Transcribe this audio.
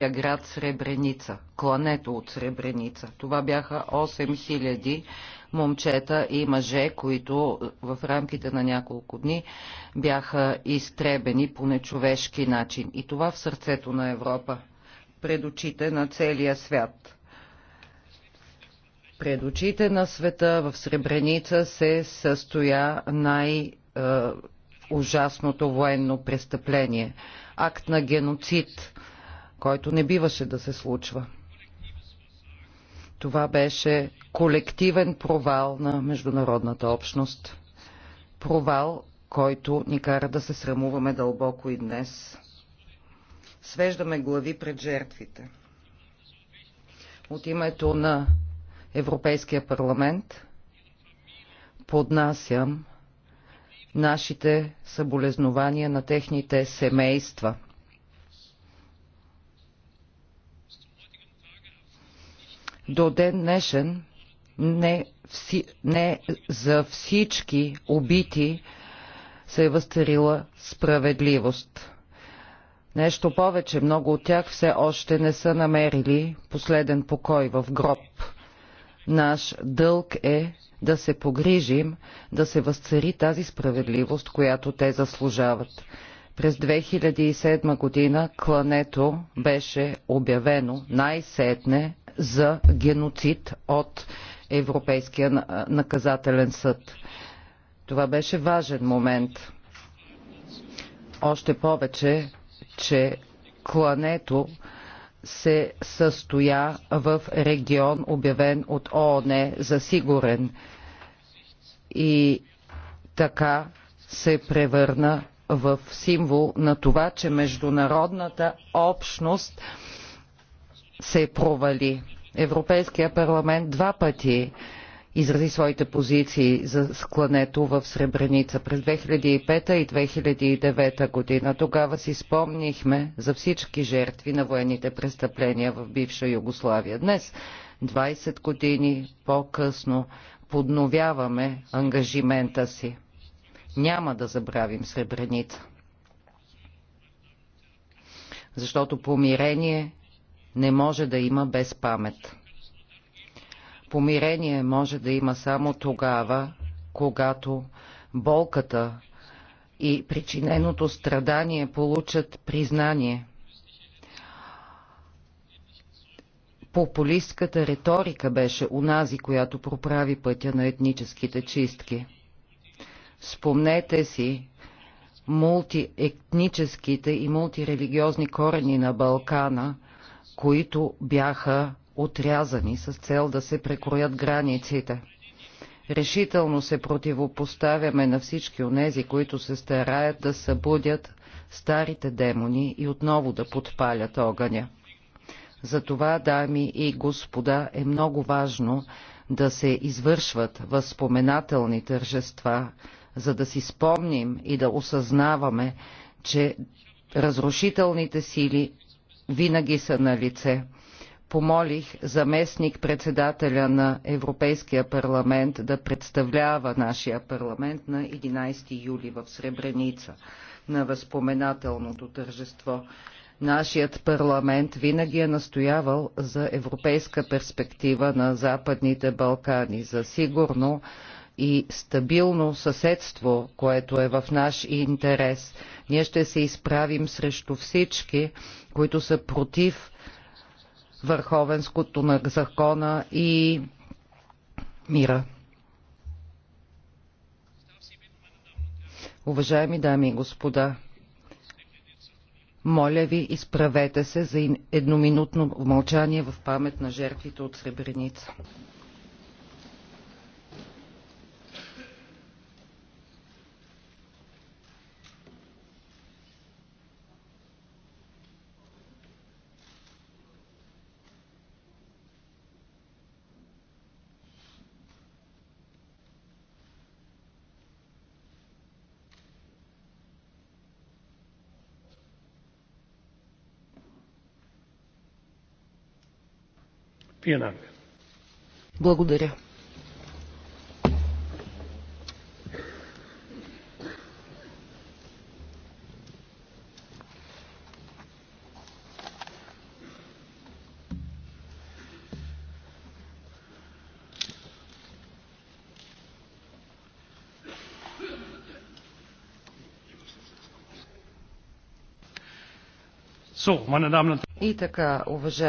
град Сребреница, клането от Сребреница. Това бяха 8000 момчета и мъже, които в рамките на няколко дни бяха изтребени по нечовешки начин. И това в сърцето на Европа, пред очите на целия свят. Пред очите на света в Сребреница се състоя най- е, ужасното военно престъпление, акт на геноцид, който не биваше да се случва. Това беше колективен провал на международната общност. Провал, който ни кара да се срамуваме дълбоко и днес. Свеждаме глави пред жертвите. От името на Европейския парламент поднасям нашите съболезнования на техните семейства – До ден днешен не, вси, не за всички убити се е възцарила справедливост. Нещо повече, много от тях все още не са намерили последен покой в гроб. Наш дълг е да се погрижим, да се възцари тази справедливост, която те заслужават. През 2007 година клането беше обявено най-сетне за геноцид от Европейския наказателен съд. Това беше важен момент. Още повече, че клането се състоя в регион, обявен от ООН за сигурен. И така се превърна в символ на това, че международната общност се е провали. Европейския парламент два пъти изрази своите позиции за склането в Сребреница през 2005 и 2009 година. Тогава си спомнихме за всички жертви на военните престъпления в бивша Югославия. Днес, 20 години по-късно, подновяваме ангажимента си. Няма да забравим Сребреница. Защото помирение не може да има без памет. Помирение може да има само тогава, когато болката и причиненото страдание получат признание. Популистката риторика беше унази, която проправи пътя на етническите чистки. Спомнете си мултиетническите и мултирелигиозни корени на Балкана – които бяха отрязани с цел да се прекроят границите. Решително се противопоставяме на всички онези, които се стараят да събудят старите демони и отново да подпалят огъня. Затова, дами и господа, е много важно да се извършват възпоменателни тържества, за да си спомним и да осъзнаваме, че разрушителните сили винаги са на лице. Помолих заместник председателя на Европейския парламент да представлява нашия парламент на 11 юли в Сребреница на възпоменателното тържество. Нашият парламент винаги е настоявал за европейска перспектива на Западните Балкани. За сигурно и стабилно съседство, което е в наш интерес. Ние ще се изправим срещу всички, които са против върховенското на закона и мира. Уважаеми дами и господа, моля ви, изправете се за едноминутно мълчание в памет на жертвите от Сребреница. Благодаря. И така, уважаеми